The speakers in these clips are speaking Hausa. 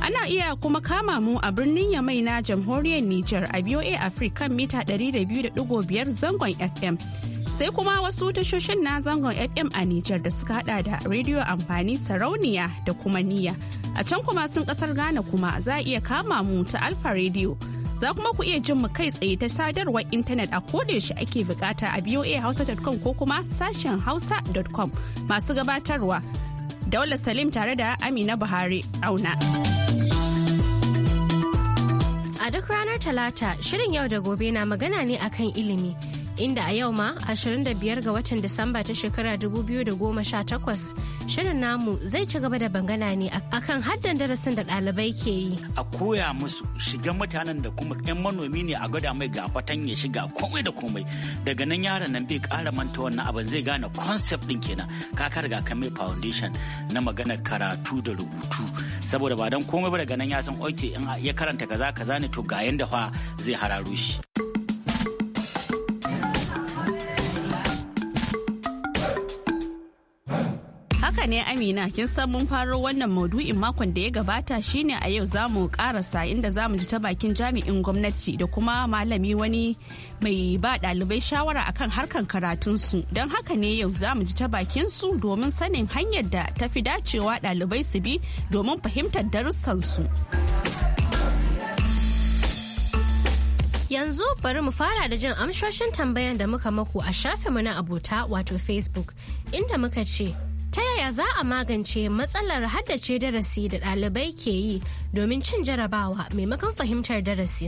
Ana iya kuma kama mu a birnin Yamai na jamhuriyar Nijar a BOA Africa kan mita 200.5 zangon FM. Sai kuma wasu tashoshin na zangon FM a Nijar da suka hada da rediyo amfani sarauniya da kuma niyya. A can kuma sun kasar Ghana kuma za a iya kama mu ta Alfa Radio. Za kuma ku iya jin mu kai tsaye ta sadarwar intanet a kodayaushe ake bukata a boa Hausa.com ko kuma sashen hausa.com masu gabatarwa. Daula Salim tare da Amina Buhari auna. A duk ranar Talata, shirin yau da gobe na magana ne akan ilimi. inda a yau ma 25 ga watan Disamba ta shekara 2018 shirin namu zai ci gaba da bangana ne a akan haddan darasin da ɗalibai ke yi. A koya musu shiga mutanen da kuma 'yan manomi ne a gwada mai gafatan ya shiga komai da komai daga nan yaron nan bai ƙara manta wannan abin zai gane concept ɗin kenan kakar riga ka mai foundation na magana karatu da rubutu saboda ba don komai ba daga nan ya san oke in ya karanta kaza kaza ne to ga yanda fa zai hararo shi. Haka ne Amina, kin san mun faro wannan maudu'in makon da ya gabata shine a yau za mu karasa inda za mu ji ta bakin jami'in gwamnati da kuma malami wani mai ba dalibai shawara akan harkan su Don haka ne yau za mu ji ta bakin su domin sanin hanyar da ta fi dacewa dalibai su bi domin fahimtar darussan su. Yanzu bari mu fara da jin amshoshin tambayan da muka maku a mu na abota wato Facebook inda muka ce ta yaya za a magance matsalar haddace darasi da ɗalibai ke yi domin cin jarabawa maimakon fahimtar darasi.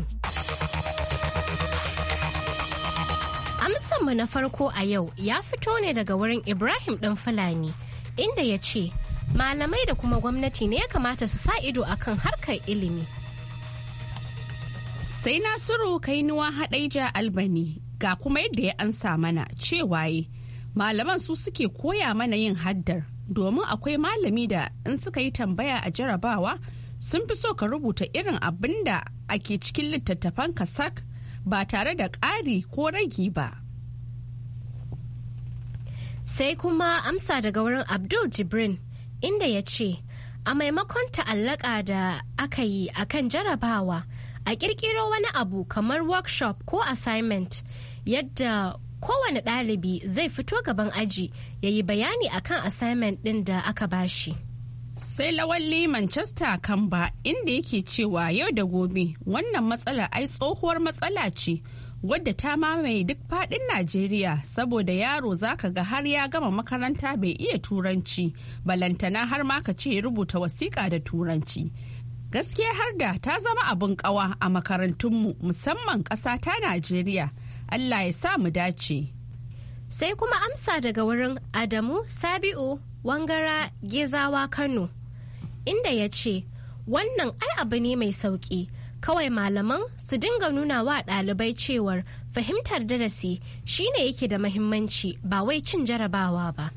Amsanmu na farko a yau ya fito ne daga wurin Ibrahim ɗan Fulani inda ya ce malamai da kuma gwamnati ne ya kamata su sa ido a kan harkar ilimi. Sai Nasiru Kainuwa Haɗaija Albani ga kuma yadda ya ansa mana cewaye malaman su suke koya mana yin haddar domin akwai malami da in suka yi tambaya a jarabawa sun fi so ka rubuta irin abin da ake cikin littattafan kasak ba tare da ƙari ko ragi ba sai kuma amsa daga wurin abdul jibrin inda ya ce a maimakon ta'allaka da aka yi a kan jarabawa a kirkiro wani abu kamar workshop ko assignment yadda kowane ɗalibi zai fito gaban aji ya yi bayani akan assignment ɗin da aka bashi. Sai lawalli Manchester Kamba inda yake cewa yau da gobe wannan matsala ai tsohuwar matsala ce wadda ta mamaye duk fadin Najeriya saboda yaro zaka ga har ya gama makaranta bai iya turanci balantana har ma ka ce rubuta wasiƙa da turanci. Gaskiya har da ta zama abin ƙawa a makarantunmu musamman ƙasa ta Najeriya. Allah ya sa mu dace. Sai kuma amsa daga wurin Adamu Sabi'u Wangara Gezawa Kano, inda ya ce, Wannan ai abu ne mai sauƙi, kawai malaman su dinga nuna wa ɗalibai cewar fahimtar darasi shine yake da mahimmanci ba wai cin jarabawa ba.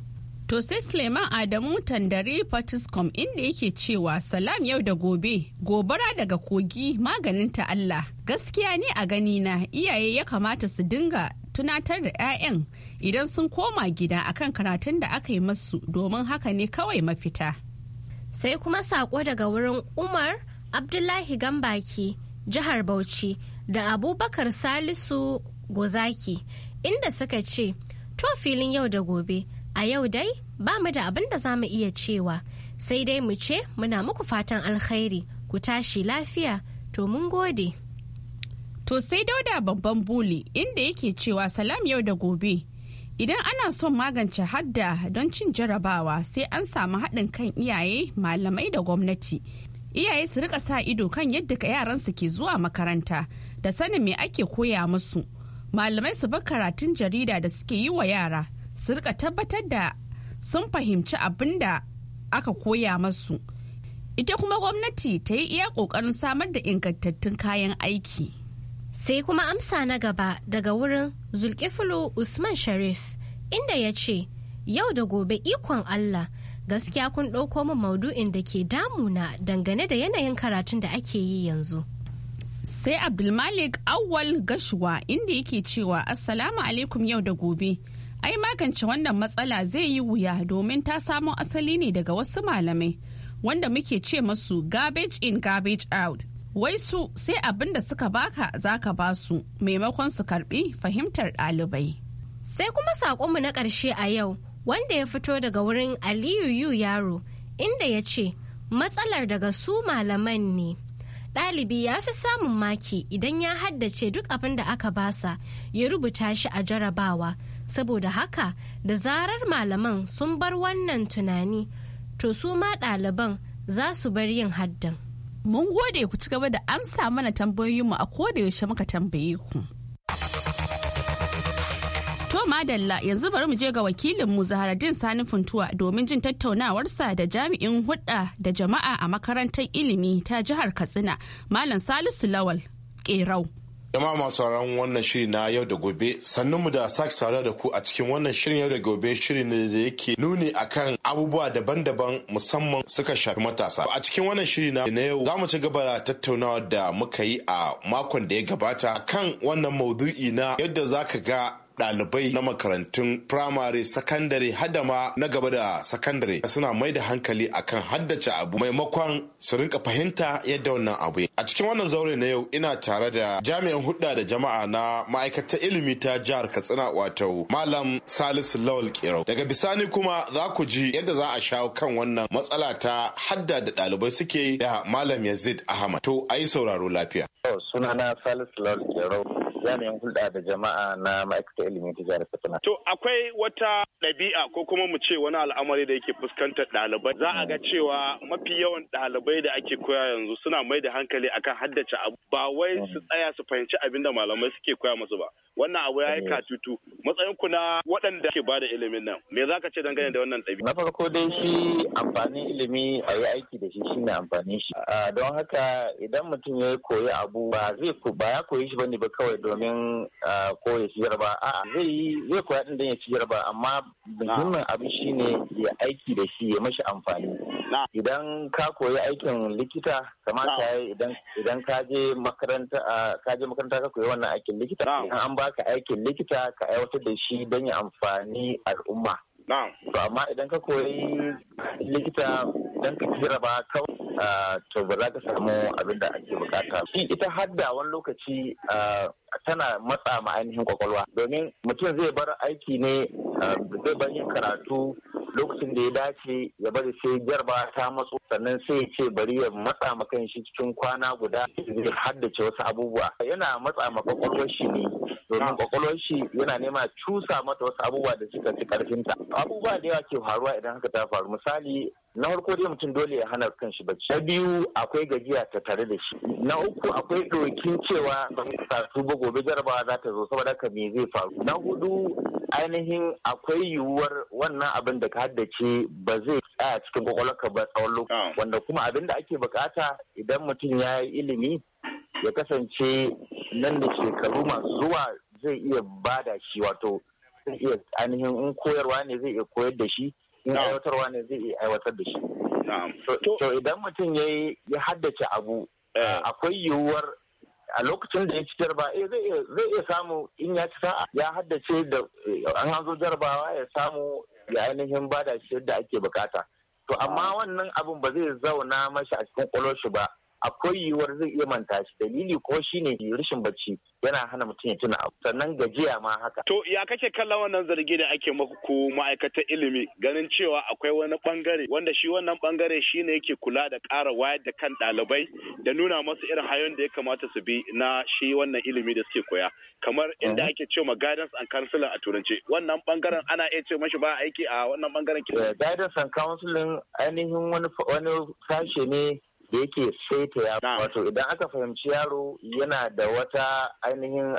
To sai Suleiman Adamu Tandare patiscom inda yake cewa salam yau da gobe, gobara daga kogi maganin ta Allah. Gaskiya ne a ganina iyaye ya kamata su dinga tunatar da 'ya'yan idan sun koma gida akan karatun da aka yi masu domin haka ne kawai mafita. Sai kuma saƙo daga wurin Umar Abdullahi Gambaki, jihar Bauchi da Abubakar Salisu Gozaki inda suka ce, to filin yau da gobe. A yau dai ba mu da abin da za mu iya cewa sai dai mu ce muna muku fatan alkhairi ku tashi lafiya to mun gode. To sai dauda babban buli inda yake cewa salam yau da gobe. Idan ana son magance hadda don cin jarabawa sai an samu haɗin kan iyaye malamai da gwamnati. Iyaye su rika sa ido kan yadda yaransu ke zuwa makaranta da sanin me ake koya musu. Malamai su bar karatun jarida da suke yi wa yara su rika tabbatar da sun fahimci abin da aka koya masu ita kuma gwamnati ta yi iya ƙoƙarin samar da ingantattun kayan aiki sai kuma amsa na gaba daga wurin zulkifulu usman sharif inda ya ce yau da gobe ikon allah gaskiya kun ɗauko min maudu'in da ke damuna dangane da yanayin karatun da ake yi yanzu sai abdulmalik awwal gashuwa inda yake cewa assalamu alaikum yau da gobe ai magance wannan matsala zai yi wuya domin ta samo asali ne daga wasu malamai wanda muke ce masu garbage in garbage out wai su sai abin da suka baka zaka basu maimakon su karbi fahimtar ɗalibai sai kuma mu na ƙarshe a yau wanda ya fito daga wurin aliyu yaro inda ya ce matsalar daga su malaman ne ɗalibi ya fi samun maki idan ya haddace duk abin da aka basa ya rubuta shi a jarabawa saboda haka da zarar malaman sun bar wannan tunani to su ma ɗaliban za su bar yin haddan. Mun gode ku ci gaba da amsa mana tambayoyinmu a koda yaushe muka tambaye ku. madalla yanzu bari mu je ga wakilinmu Zaharaddin Sani Funtuwa domin jin tattaunawarsa da jami'in hudda da jama'a a makarantar ilimi ta jihar Katsina, Malam Salisu Lawal Kerau. jama'a masu sauraron wannan shiri na yau da gobe sannan mu da sake saurara da ku a cikin wannan shirin yau da gobe shiri ne da yake nuni akan abubuwa daban-daban musamman suka shafi matasa a cikin wannan shiri na yau za mu ci gaba da tattaunawa da muka yi a makon da ya gabata kan wannan maudu'i na yadda za ka ga Dalibai na makarantun firamare sakandare hadama na gaba da sakandare suna mai da hankali akan haddace abu maimakon su rinka fahimta yadda wannan abu a cikin wannan zaure na yau ina tare da jami'an hudda da jama'a na ma'aikatar ilimi ta jihar katsina wato malam salisu lawal Kero. daga bisani kuma za ku ji yadda za a shawo kan wannan matsala ta hadda da dalibai suke da malam yazid ahmad to a yi sauraro lafiya sunana salisu lawal Kero, jami'an hulɗa da jama'a na ma'aikatar ilimin tijarar ta jihar To akwai wata ɗabi'a ko kuma mu ce wani al'amari da yake fuskantar ɗalibai. Za a ga cewa mafi yawan ɗalibai da ake koya yanzu suna mai da hankali akan haddace abu ba wai su mm. tsaya su fahimci abin da malamai suke koya musu ba. wannan abu ya yi eh. katutu matsayin ku na waɗanda ke bada ilimin nan me za ka ce dangane da wannan ɗabi'a na farko dai shi amfanin ilimi a yi aiki da shi shine amfanin shi don haka idan mutum ya koyi abu ba zai ba ya koyi shi bane ba kawai domin ko ya ci jarba a'a zai yi zai koya din dan ya ci jarba amma muhimmin abu shine ya aiki da shi ya mashi amfani idan ka koyi aikin likita kamata yi idan ka je makaranta ka je makaranta ka koyi wannan aikin likita an ba baka aikin likita ka aiwatar da shi don ya amfani al'umma to amma idan ka koyi likita don ka ba kawai to ba za ka samu abin da ake bukata shi ita hadda wani lokaci tana matsa ma ainihin kwakwalwa domin mutum zai bar aiki ne zai bar yin karatu lokacin da ya dace ya bari sai jarba ta matso sannan sai ya ce bari ya matsa ma kan shi cikin kwana guda zai haddace wasu abubuwa yana matsa ma kwakwalwar shi ne domin kwakwalwar shi yana nema cusa mata wasu abubuwa da suka fi karfinta abubuwa da yawa ke faruwa idan haka ta faru misali na farko dai mutum dole ya hana kan shi bacci na biyu akwai gajiya ta tare da shi na uku akwai dokin cewa ba su ba gobe jarabawa za ta zo saboda ka me zai faru na hudu ainihin akwai yiwuwar wannan abin da ka haddace ba zai tsaya cikin kwakwalwarka ba tsawon lokaci wanda kuma abin da ake bukata idan mutum ya yi ilimi ya kasance nan da shekaru masu zuwa zai iya bada shi wato zai iya ainihin in koyarwa ne zai iya koyar da shi in aiwatarwa ne zai iya aiwatar da shi to idan mutum ya haddace abu eh. akwai yiwuwar a lokacin da ya ci jarba eh, zai iya samu in ya ci sa'a ya haddace da an hanzo jarbawa ya samu ya ainihin bada shi yadda ake bukata to amma wannan abun ba zai zauna mashi a cikin shi ba akwai yiwuwar zai iya manta shi dalili ko shine rashin bacci yana hana mutum ya tuna abu sannan gajiya ma haka. To ya kake kallon wannan zargi da ake maku ku ma'aikatar ilimi ganin cewa akwai wani bangare wanda shi wannan bangare ne yake kula da ƙara wayar da kan ɗalibai da nuna masu irin hayon da ya kamata su bi na shi wannan ilimi da suke koya kamar inda mhm. ake cewa guidance and counseling a turance wannan bangaren ana iya ce mashi ba aiki a wannan bangaren. Eh, guidance and counseling ainihin wani sashe ne da yake saita ya wato idan aka fahimci yaro yana da wata ainihin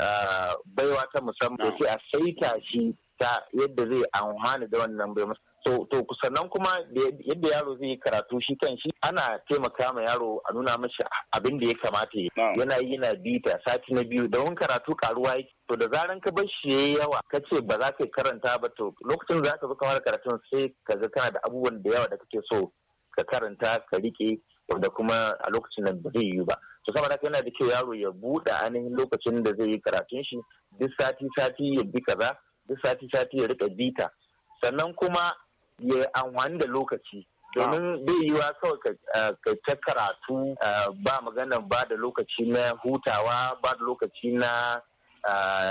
baiwa ta musamman da ke a saita shi ta yadda zai amfani da wannan baiwa to sannan kuma yadda yaro zai yi karatu shi kan shi ana taimaka ma yaro a nuna mashi abin da ya kamata ya yana yi yana bita sati na biyu wani karatu karuwa yake to da zaran ka bar shi yayi yawa ka ce ba za ka karanta ba to lokacin za ka zo kamar karatun sai ka ga kana da abubuwan da yawa da kake so ka karanta ka rike da kuma a lokacin nan ba zai yi ba to sama da yana da kyau yaro ya buɗe ainihin lokacin da zai yi karatun shi duk sati sati ya bi kaza duk sati sati ya rika bita sannan kuma ya amfani da lokaci domin bai yi wa kawai ka ta karatu ba magana ba da lokaci na hutawa ba da lokaci na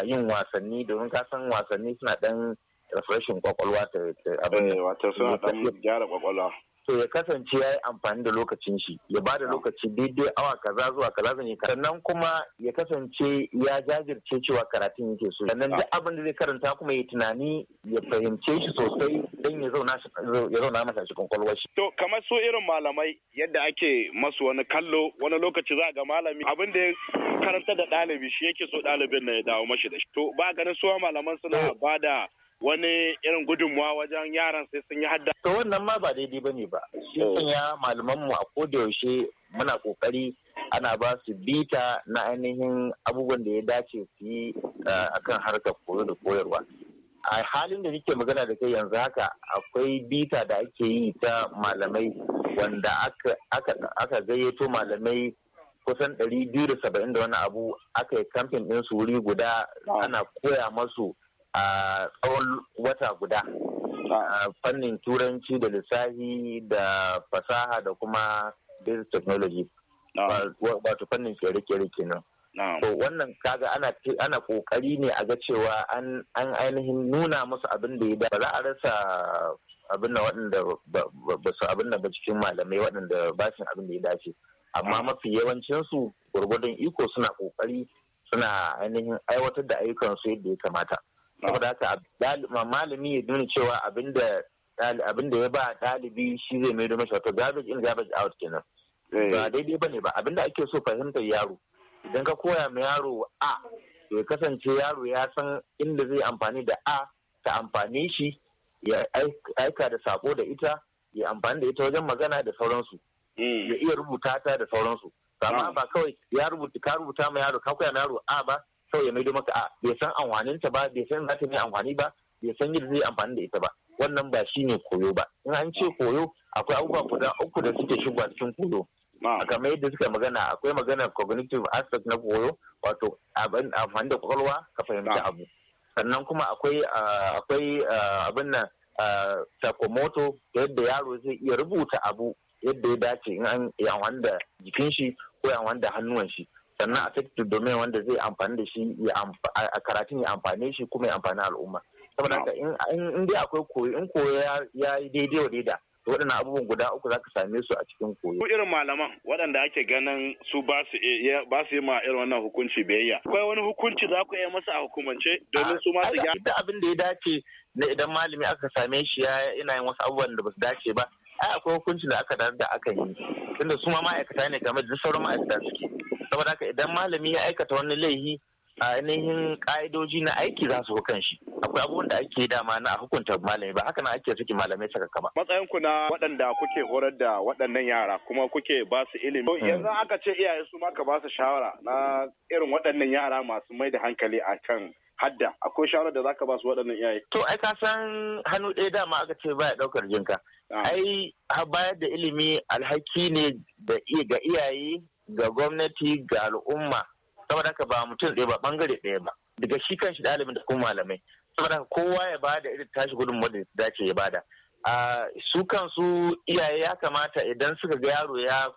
yin wasanni domin ka san wasanni suna dan refreshing kwakwalwa ta abin eh, wato suna dan gyara kwakwalwa to ya kasance ya yi amfani da lokacin shi ya ba da lokaci daidai awa kaza zuwa kaza zan yi sannan kuma ya kasance ya jajirce cewa karatun yake so sannan duk abin da zai karanta kuma ya tunani ya fahimce shi sosai don ya zauna ya zauna masa shi shi to kamar su irin malamai yadda ake masu wani kallo wani lokaci za ga malami abin da ya karanta da ɗalibi shi yake so ɗalibin na ya dawo mashi da shi to ba ganin suwa malaman suna eh. ba da wani irin gudunmuwa wajen yaran sai sun yi hadda. To wannan ma ba daidai ba ne ba. Shi oh. sanya malamanmu a kodayaushe muna kokari ana ba su bita na ainihin abubuwan da ya dace su yi eh, akan harkar koyo da koyarwa. A halin da nake magana da kai yanzu haka akwai bita da ake yi ta malamai wanda aka gayyato malamai kusan 270 da wani abu aka yi kamfin ɗinsu wuri guda ana koya masu a tsawon wata guda a fannin turanci da lissafi da fasaha da kuma data technology wato fannin kere-kere kenan to wannan kaga ana ana kokari ne a ga cewa an ainihin nuna musu abin da ya da za a rasa abin da waɗanda ba su abin da ba cikin malamai waɗanda ba su abin da ya dace amma mafi yawancinsu gwargwadon iko suna kokari suna ainihin aiwatar da ayyukan su yadda ya kamata. saboda haka malami ya nuna cewa abinda ya ba ɗalibi shi zai mai domin shafi garbage in garbage out kenan eh. ba daidai ne ba abinda ake so fahimtar yaro idan ka koya ma yaro a ya kasance yaro ya san inda zai amfani da a ta amfani shi ya aika da sako da ita ya amfani da ita wajen magana da sauransu hmm. ya iya rubuta ta da sauransu amma ah. ba kawai ya rubuta ka rubuta ma yaro ka koya ma yaro a ba sauya ya maido maka a bai san amfanin ta ba bai san za ta yi amfani ba bai san yadda zai amfani da ita ba wannan ba shi ne koyo ba in an ce koyo akwai abubuwa guda uku da suke a cikin koyo a kamar yadda suka magana akwai magana cognitive aspect na koyo wato abin amfani da kwakwalwa ka fahimci abu sannan kuma akwai akwai abin nan sakomoto yadda yaro zai iya rubuta abu yadda ya dace in an yi amfani da jikin shi ko amfani da hannuwan shi sannan affective domain wanda zai amfani da shi a karatun ya amfane shi kuma ya amfani al'umma saboda haka in dai akwai koyo in koyo ya yi daidai wa daida waɗannan abubuwan guda uku za ka same su a cikin koyo. Ko irin malaman waɗanda ake ganin su ba su eh, yi ma irin wannan hukunci biyayya. Akwai wani hukunci za ku yi masa a hukumance domin su ma su gyara. abin da ya dace na idan malami aka same shi ya yana yin wasu abubuwan da ba su dace ba ai akwai hukuncin da aka da aka yi tunda su ma ma'aikata ne game da sauran ma'aikata suke saboda haka idan malami ya aikata wani laifi a ainihin ka'idoji na aiki za su hukan shi akwai abubuwan da ake dama na a hukunta malami ba haka na ake suke malamai saka kama matsayin ku na waɗanda kuke horar da waɗannan yara kuma kuke ba su ilimi hmm. yanzu aka ce iyaye su ma ka ba su shawara na irin waɗannan yara masu mai da hankali akan hadda akwai shawarar da zaka ba su waɗannan iyaye to ai ka san hannu ɗaya dama aka ce baya ɗaukar jinka ah. ai bayar da ilimi alhaki ne da ga iyaye ga gwamnati ga al'umma saboda ka ba mutum ɗaya ba bangare ɗaya ba daga shi kan ɗalibin da kuma malamai saboda kowa ya ba da irin tashi gudunmawar da dace ya bada su kansu iyaye ya kamata idan suka ga yaro ya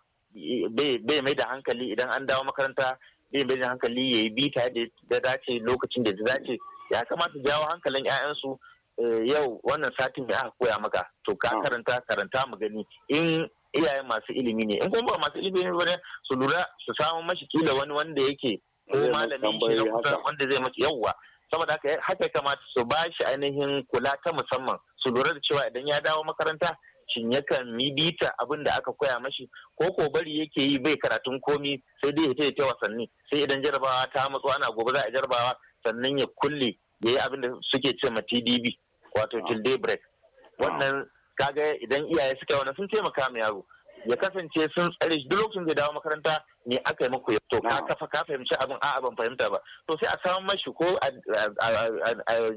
bai mai da hankali idan an dawo makaranta zai bai hankali ya yi bita da dace lokacin da dace ya kamata jawo hankalin ƴaƴansu eh, yau wannan satin da aka koya maka to ka ah. karanta karanta mu gani in iyayen masu ilimi ne in kuma ba masu ilimi ne bane su lura su samu mashi kila wani wanda yake ko malami shi na wanda zai mace yawwa saboda haka haka kamata su ba shi ainihin kula ta musamman su lura da cewa idan ya dawo makaranta shin yakan yi bita abin da aka koya mashi ko ko bari yake yi bai karatun komi sai dai ya ta ta wasanni sai idan jarabawa ta matsu ana gobe za a jarabawa sannan ya kulle ya yi abin da suke ce ma TDB wato till day break wannan kaga idan iyaye suka wani sun taimaka ma yaro ya kasance sun tsare shi duk lokacin da dawo makaranta ne aka yi muku to ka ah. kafa ka fahimci abin a ban fahimta ba to sai a samu mashi ko a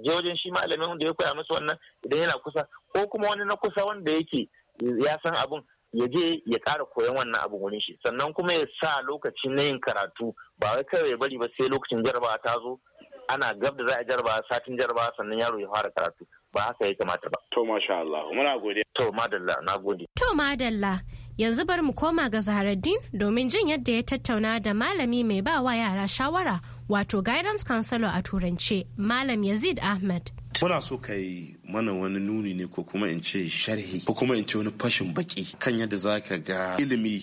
je wajen shi malamin wanda ya koya masa wannan idan yana kusa ko kuma wani na kusa wanda yake ya san abin ya je ya ƙara koyon wannan abu wurin shi sannan kuma ya sa lokaci na yin karatu ba wai kawai ya bari ba sai lokacin jarabawa ta zo ana gab da za a jarabawa satin jarabawa sannan yaro ya fara karatu ba haka ya kamata ba to masha Allah muna gode to madalla na gode to madalla Yanzu bari mu koma ga Zaharaddin domin jin yadda ya tattauna da malami mai ba wa yara shawara wato guidance counselor a turance Malam Yazid Ahmed. Muna so ka yi mana wani nuni ne ko kuma in ce sharhi ko kuma in ce wani fashin baki kan yadda za ka ga ilimi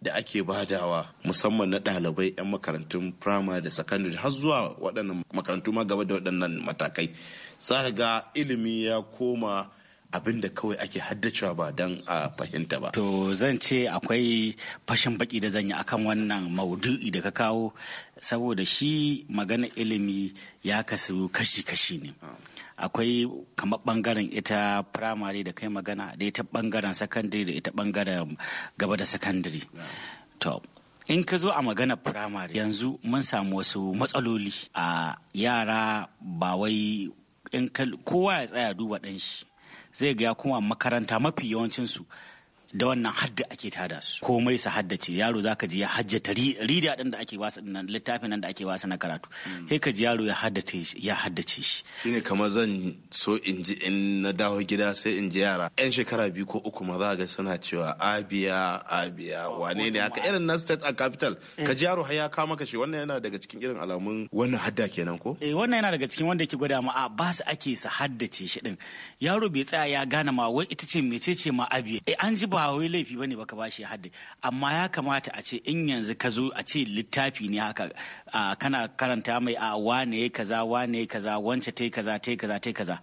da ake badawa musamman na ɗalibai 'yan makarantun firamare da sakandare har zuwa waɗannan makarantu ma gaba da waɗannan matakai za ka ga ilimi ya koma abin da kawai ake haddacewa ba don a fahimta ba. To zan ce akwai fashin baki da zan yi akan wannan maudu'i da ka kawo saboda shi magana ilimi ya kasu kashi-kashi ne. Akwai kamar bangaren ita firamare da kai magana da ita bangaren sakandare da ita bangaren gaba da sakandare. To in ka zo a magana firamare yanzu mun samu wasu matsaloli a yara ba wai in kowa ya tsaya duba ɗanshi. zai ga ya koma makaranta mafi yawancinsu da wannan hadda ake tada su komai su haddace yaro zaka ji ya ta rida din da ake wasa din littafin nan da ake wasa na karatu hmm. sai ka ji yaro ya haddace ya haddace shi shine kamar zan so in ji in na dawo gida sai in ji yara yan shekara biyu ko uku ma za ga suna cewa abiya abiya wane ne haka irin na state a capital eh. ka ji yaro ya kama ka shi wannan yana daga cikin irin alamun wannan hadda kenan ko eh wannan yana daga cikin wanda yake gwada ma a ba su ake su haddace shi din yaro bai tsaya ya gane ma wai ita ce mecece ma abiya eh an ji ba ba wai laifi bane baka bashi haddi amma ya kamata a ce in yanzu ka zo a ce littafi ne haka kana karanta mai a wane kaza wane kaza wance tai kaza tai kaza tai kaza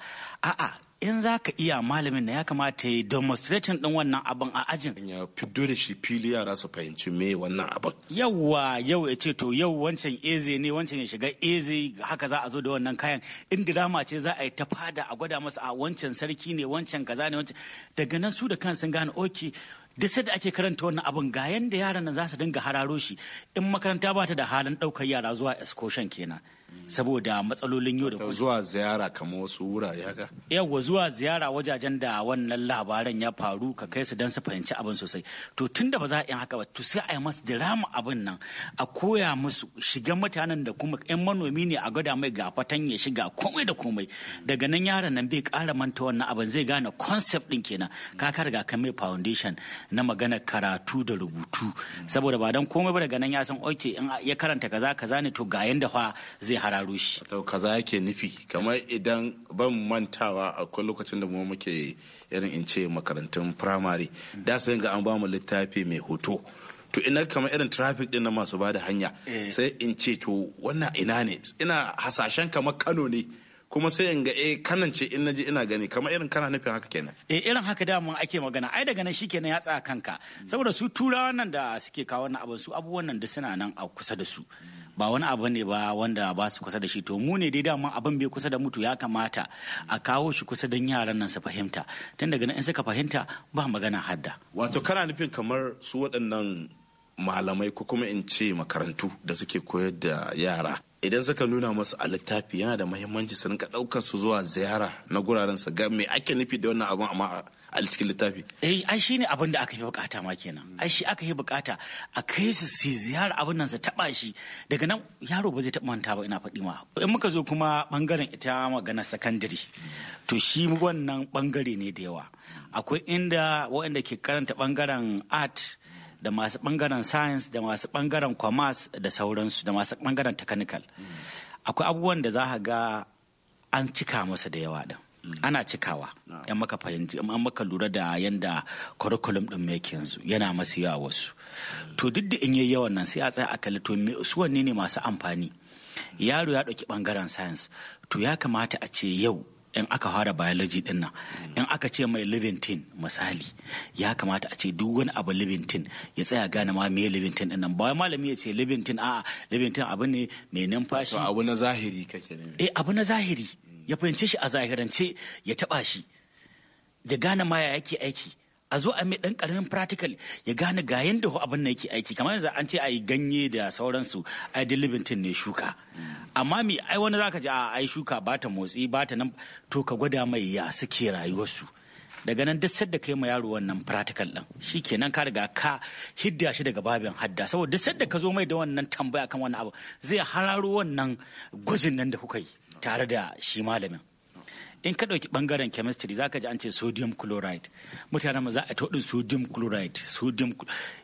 a'a in za ka iya malamin na ya kamata ya demonstrating din wannan abin a ajin ya fiddo da shi fili yara su fahimci me wannan abin Yawwa yau ya ce to yau wancan eze ne wancan ya shiga eze haka za a zo da wannan kayan in dama ce za a yi ta fada a gwada masa a wancan sarki ne wancan kaza ne wancan daga nan su da kan sun gane oki duk sai da ake karanta wannan abin ga yanda yaran nan za su dinga hararo shi in makaranta ba ta da halin ɗaukar yara zuwa excursion kenan saboda matsalolin yau da kullum zuwa ziyara kamar wasu wurare haka yawa zuwa ziyara wajajen da wannan labaran ya faru ka kai su don su fahimci abin sosai to tun da ba za a yi haka ba to sai a yi masu dirama abin nan a koya musu shiga mutanen da kuma yan manomi ne a gwada mai ga fatan ya shiga komai da komai daga nan yaran nan bai kara manta wannan abin zai gane concept din kenan ka ka riga ka mai foundation na magana karatu da rubutu saboda ba dan komai ba daga nan ya san okay in ya karanta kaza kaza ne to ga yanda fa zai hararo shi kaza yake nufi kamar idan ban mantawa akwai lokacin da mu muke irin in ce makarantun firamare da sai ga an ba mu littafi mai hoto to ina kamar irin traffic din na masu bada hanya eh. sai in ce to wannan ina ne ina hasashen kamar Kano ne kuma sai in ga eh kanan ce in naji ina gani kamar irin kana nufin haka kenan eh irin haka da mun ake magana ai daga nan shikenan ya tsaya kanka saboda su turawa nan da suke kawo wannan abin su abubuwan nan da suna nan a kusa da su ba wani abu ne ba wanda ba su kusa da shi to mu ne dai dama abin bai kusa da mutu ya kamata a kawo shi kusa don yaran nan su fahimta tun daga nan in suka fahimta ba magana hadda wato kana nufin kamar su waɗannan malamai ko kuma in ce makarantu da suke koyar da yara idan suka nuna masu a littafi yana da mahimmanci su rinka ɗaukar su zuwa ziyara na guraren su ga me ake nufi da wannan abun amma a cikin littafi eh ai shi ne abin da aka yi bukata ma kenan ai shi aka yi bukata a kai su su ziyara abin nan su taba shi daga nan yaro ba zai taba manta ba ina faɗi ma in muka zo kuma bangaren ita magana secondary to shi wannan bangare ne da yawa akwai inda waɗanda ke karanta bangaren art da masu bangaren science da masu bangaren commerce da sauransu da masu bangaren technical akwai abubuwan da za ga an cika masa da yawa din ana cikawa yan maka fahimci an maka lura da yanda curriculum din mai yanzu yana masu yawa wasu mm. to duk da in yi yawan nan sai a tsaya a kalli to su wanne ne masu amfani yaro ya ɗauki ɓangaren science to ya kamata a ce yau in aka fara biology din nan mm. in aka ce mai living tin misali ya kamata a ce duk wani abu living tin ya tsaya gane ma me living tin din nan ba malami ya ce living tin a'a living tin abu ne mai numfashi abu na zahiri kake ne eh abu na zahiri ya fahimce shi a zahirance ya taba shi ya gane ma ya yake aiki a zo a mai dan karamin practical ya gane ga yanda abin na yake aiki kamar yanzu an ce a yi ganye da sauransu a yi dilibitin ne shuka amma mi ai wani zaka ji a ai shuka ba ta motsi ba ta nan to ka gwada mai ya suke rayuwarsu daga nan duk sadda kai ma yaro wannan practical din shikenan ka riga ka hidda shi daga babin hadda saboda duk sadda ka zo mai da wannan tambaya kan wannan abu zai hararo wannan gwajin nan da kuka yi tare da shi malamin in ka ɗauki ɓangaren chemistry za ka ji an ce sodium chloride mutane ma za a taɗin sodium chloride sodium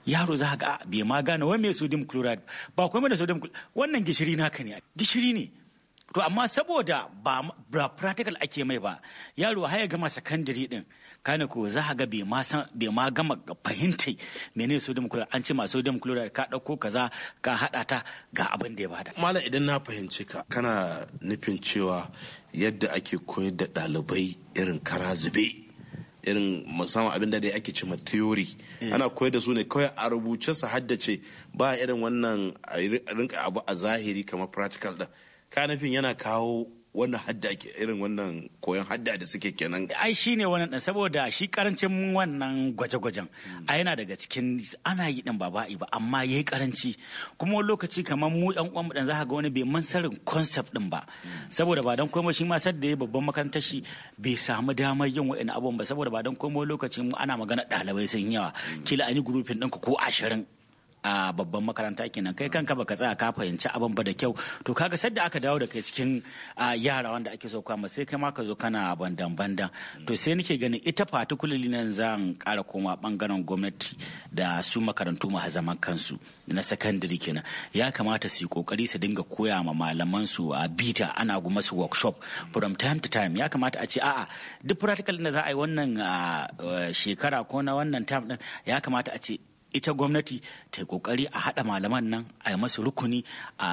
yaro za ga ah, bai ma gane wai mai sodium chloride ba kuma da sodium wannan gishiri naka ne gishiri ne to amma saboda ba practical ake mai ba yaro haya gama sakandare din kana ko za ga bai ma san bai ma gama fahimta menene sodium chloride an ce ma sodium chloride ka dauko kaza ka haɗa ta ga abin da ya bada malam idan na fahimci ka kana nufin cewa yadda ake koyar da ɗalibai irin kara zube irin musamman abin da dai ake cima theory eh. ana koyar da su ne kawai a rubuce su haddace ba irin wannan rinka abu a zahiri kamar practical da ka nufin yana kawo wannan hadda ke irin wannan koyon hadda da suke kenan ai shine wannan saboda shi karancin wannan gwaje-gwajen a yana daga cikin ana yi din ba ba'i ba amma yayi karanci kuma wani lokaci kamar mu yan uwan mu dan zaka ga wani bai man sarin concept din ba saboda ba dan komai shi ma sadda ya babban makarantar shi bai samu damar yin wa'annan abubuwan ba saboda ba dan komai lokacin mu ana magana ɗalibai sun yawa kila an yi grouping ɗinka ko ashirin a babban makaranta kenan kai kanka baka tsaya ka fahimci abin ba da kyau to kaga sadda aka dawo da kai cikin yara wanda ake so ma sai kai ma ka zo kana bandan bandan to sai nake ganin ita particularly nan zan kara koma bangaren gwamnati da su makarantu ma zaman kansu na sakandare kenan ya kamata su yi kokari su dinga koya ma malaman su a bita ana masu masu workshop from time to time ya kamata a ce a'a duk practical da za a yi wannan shekara ko na wannan time ya kamata a ce ita gwamnati ta yi kokari a haɗa malaman nan a yi masu rukuni a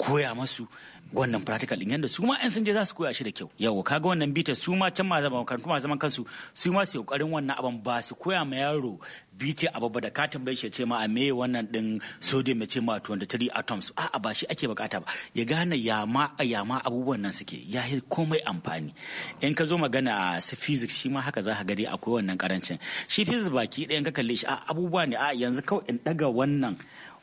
koya masu wannan practical din yanda su ma yan sun je za su koya shi da kyau yau kaga wannan bitar su ma can ma zaman kansu ma zaman kansu su ma su kokarin wannan abin ba su koya ma yaro bita a babba da ka tambaye shi ce ma a meye wannan din sodium ya ce ma 23 atoms a ba shi ake bukata ba ya gane ya ma ya ma abubuwan nan suke ya yi komai amfani in ka zo magana su physics shi ma haka za ka dai akwai wannan karancin shi physics baki ɗaya in ka kalle shi a abubuwa ne a yanzu kawai in daga wannan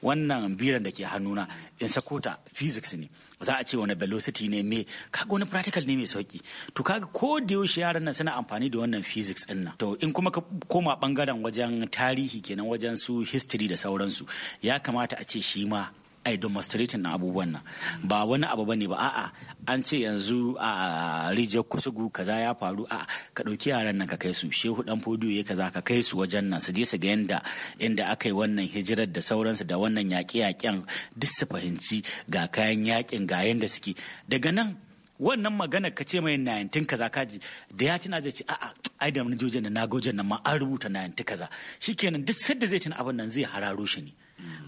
wannan biran da ke hannuna in sako ta physics ne za a ce wani velocity ne me kaga wani practical ne mai sauki to kaga ko da yaushe yaran nan suna amfani da wannan physics din nan to in kuma ka koma bangaren wajen tarihi kenan wajen su history da sauransu ya kamata a ce shi ma a demonstrating na abubuwan nan ba wani abu bane ba a'a an ce yanzu a rijiyar kusugu kaza ya faru a ka ɗauki yaran nan ka kai su shehu dan fodiyo ya kaza ka kai su wajen nan su je su ga yanda inda aka yi wannan hijirar da sauransu da wannan yaƙi yaƙen duk su fahimci ga kayan yaƙin ga yanda suke daga nan wannan magana ka ce mai nayantin kaza kaji da ya tuna zai ce a'a ai da manajojin da na nan ma an rubuta nayantin kaza shikenan duk sadda zai tuna abin nan zai hararo shi ne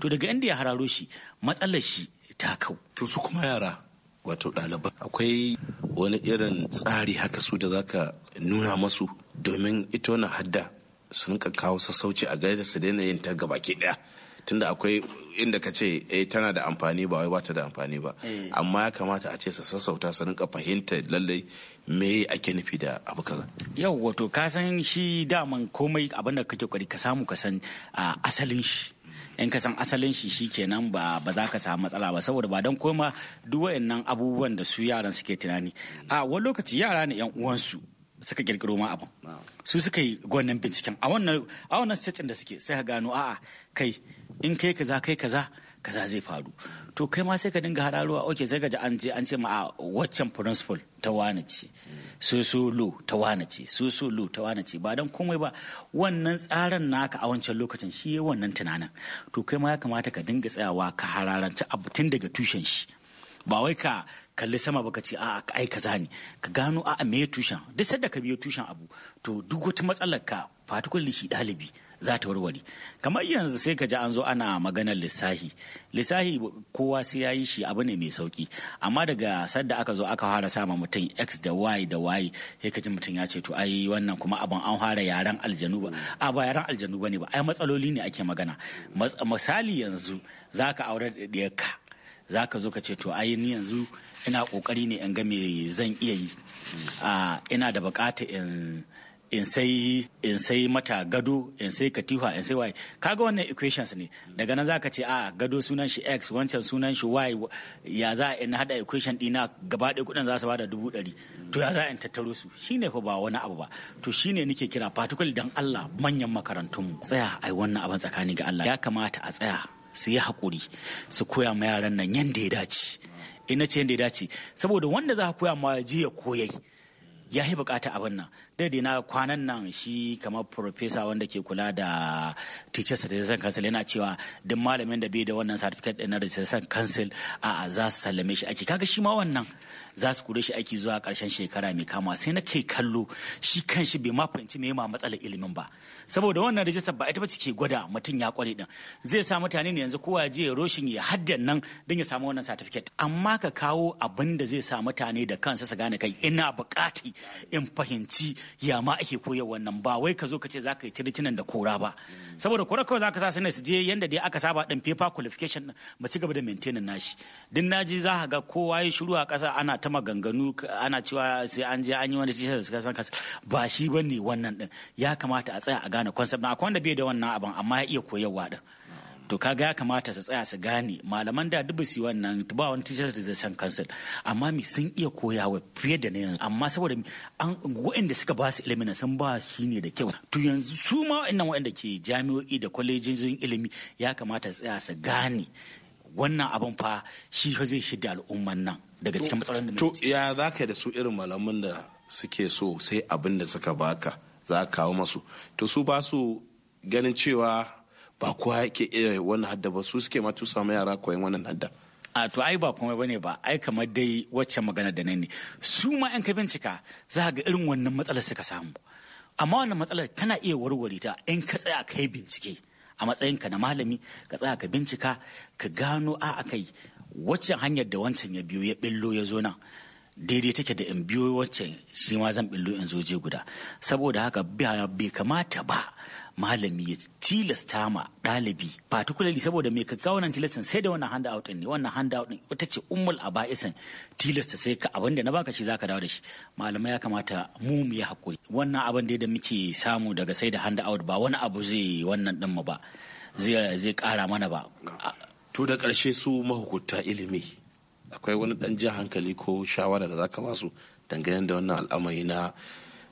to daga inda ya hararo shi matsalar shi ta kau to su kuma yara wato ɗaliban akwai wani irin tsari haka su da zaka nuna masu domin ita wannan hadda su rinka kawo sassauci a gare su daina yin ta gabaki ɗaya tunda akwai inda ka ce eh tana da amfani ba wai ba ta da amfani ba eh. amma ya kamata a ce sa sassauta su rinka fahimta lallai me ake nufi da abu kaza yau wato ka san shi daman komai abin da kake kwari ka samu ka san ah, asalin shi in ka san asalin shi shikenan ba ba za ka samu matsala ba saboda ba don koma duk wayannan abubuwan da su yaran suke tunani a wani lokaci yara ne yan uwansu suka kirkiro ma abu su suka yi gwanin binciken a wannan a wannan da suke sai ka gano a'a kai in kai kaza kai kaza kaza zai faru to kai ma sai ka dinga hararuwa oke sai ka ji an ce an ce ma a waccan principal ta wani ce so so lo ta wani ce so so lo ta wani ce ba don komai ba wannan tsarin naka a wancan lokacin shi ya wannan tunanin to kai ma ya kamata ka dinga tsayawa ka hararanci abu tun daga tushen shi ba wai ka kalli sama ba ka ce a ai kaza ne ka gano a me tushen duk sadda ka biyo tushen abu to duk wata matsalar ka particularly shi ɗalibi za ta warware kamar yanzu sai ka ji an zo ana maganar lissahi lissahi kowa sai ya yi shi abu ne mai sauki amma daga sadda aka zo aka fara sama mutum x da y da y sai ka ji mutum ya ce to ai wannan kuma abin an fara yaren aljanu ba a ba yaren aljanu ba ne ba ai matsaloli ne ake magana misali yanzu za ka aure da ka za ka zo ka ce to ai ni yanzu ina kokari ne in ga me zan iya yi ina da bukata in in sai in sai mata gado in sai katifa in sai y kaga wannan equations ne daga nan zaka ce a ah, gado sunan shi x wancan sunan shi y ya za in hada equation dina gaba ɗaya kudin za su bada dubu ɗari to ya za in tattaro su shine fa ba wani abu ba to shine nake kira particularly dan Allah manyan makarantun mu tsaya ai wannan abin tsakani ga Allah ya kamata a tsaya su yi hakuri su koya ma yaran nan yanda ya dace ina ce yanda ya dace saboda wanda za ka koya ma ya ya koyai ya yi bukata abin nan daidai na kwanan nan shi kamar profesa wanda ke kula da teacher citizen council yana cewa duk malamin da bai da wannan certificate din na citizen council a za su sallame shi aiki kaga shi ma wannan za su kure shi aiki zuwa karshen shekara mai kama sai na kai kallo shi kan shi bai ma fahimci me ma matsalar ilimin ba saboda wannan register ba ita ba ke gwada mutum ya kware din zai sa mutane ne yanzu kowa je roshin ya haddan nan don ya samu wannan certificate amma ka kawo abin da zai sa mutane da kansa su gane kai ina bukati in fahimci ya ma ake koyar wannan ba wai ka zo ka ce za ka yi tiritinan da kora ba saboda kora kawai za ka sa su su je yadda dai aka saba din paper qualification ba ci gaba da maintaining nashi din naji za ka ga kowa ya shiru a ƙasa ana ta maganganu ana cewa sai an je an yi wani tishar da suka san kasa ba shi ba ne wannan din ya kamata a tsaya a gane concept na akwai wanda bai da wannan abin amma ya iya koyarwa din to kaga ya kamata su tsaya su gane malaman da dubu su wannan ba wani teachers decision council amma mi sun iya koya wa fiye da na yanzu amma saboda an waɗanda suka ba su ilimin sun ba shi ne da kyau to yanzu su ma waɗannan waɗanda ke jami'o'i da kwalejin ilimi ya kamata su tsaya su gane wannan abin fa shi zai shida al'umman nan daga cikin matsalolin da to ya za ka da su irin malaman da suke so sai abin da suka baka za ka kawo masu to su ba su ganin cewa ba kowa yake iya wannan hadda ba su suke ma tusa yara koyan wannan hadda a to ai ba komai bane ba ai kamar dai wacce magana da nan su ma yan ka bincika za ga irin wannan matsalar suka samu amma wannan matsalar tana iya warware ta in ka tsaya kai bincike a matsayin ka na malami ka tsaya ka bincika ka gano a akai waccan hanyar da wancan ya biyo ya billo ya zo nan daidai take da in biyo waccan shi ma zan billo in zo je guda saboda haka bai kamata ba malami ya tilasta ma ɗalibi particularly saboda me ka kawo nan tilastan sai da wannan hand out ne wannan hand out wata ce ummul aba'isan tilasta sai ka abinda da na baka shi zaka dawo da shi malamai ya kamata mu mu yi hakuri wannan abin da muke samu daga sai da hand out ba wani abu zai wannan din mu ba zai zai kara mana ba to da karshe su mahukunta ilimi akwai wani dan jin hankali ko shawara da zaka ba su dangane da wannan al'amari na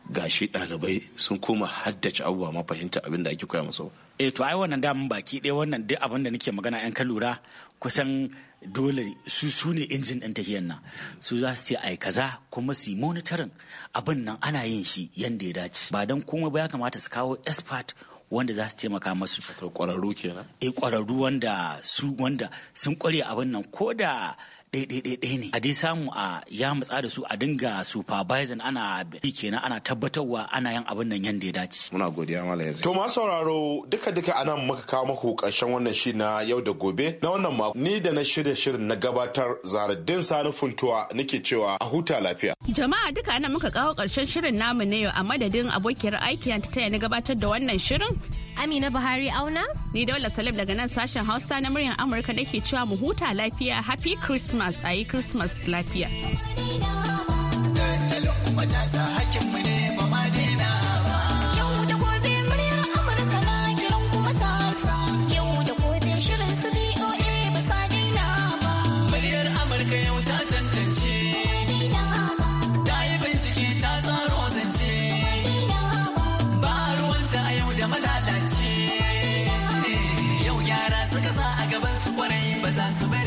gashi ɗalibai sun koma haddace abubuwa ma fahimta abin da ake koya musu eh to ai wannan damun baki ɗaya wannan duk abin da nake magana yan ka lura kusan dole su su ne injin ɗin tafiyan nan su za su ce ai kaza kuma su monitorin abin nan ana yin shi yanda ya dace ba dan komai ba ya kamata su kawo expert wanda za su taimaka masu kwararru kenan eh kwararru wanda su wanda sun kware abin nan ko da ɗaiɗaiɗaiɗai ne a dai samu a ya matsa da su a dinga supervisor ana bi kenan ana tabbatarwa ana yin abin nan yanda ya dace muna godiya mala yanzu to masu sauraro duka duka nan muka kawo maku ƙarshen wannan shi na yau da gobe na wannan mako ni da na shirya shirin na gabatar zaradin sani funtuwa nake cewa a huta lafiya jama'a duka nan muka kawo ƙarshen shirin namu ne a madadin abokiyar aiki ta taya na gabatar da wannan shirin amina buhari auna Ni Daula Salim daga nan sashen Hausa na muryar Amurka da ke cewa mu huta lafiya Happy Christmas a yi Christmas lafiya. That's the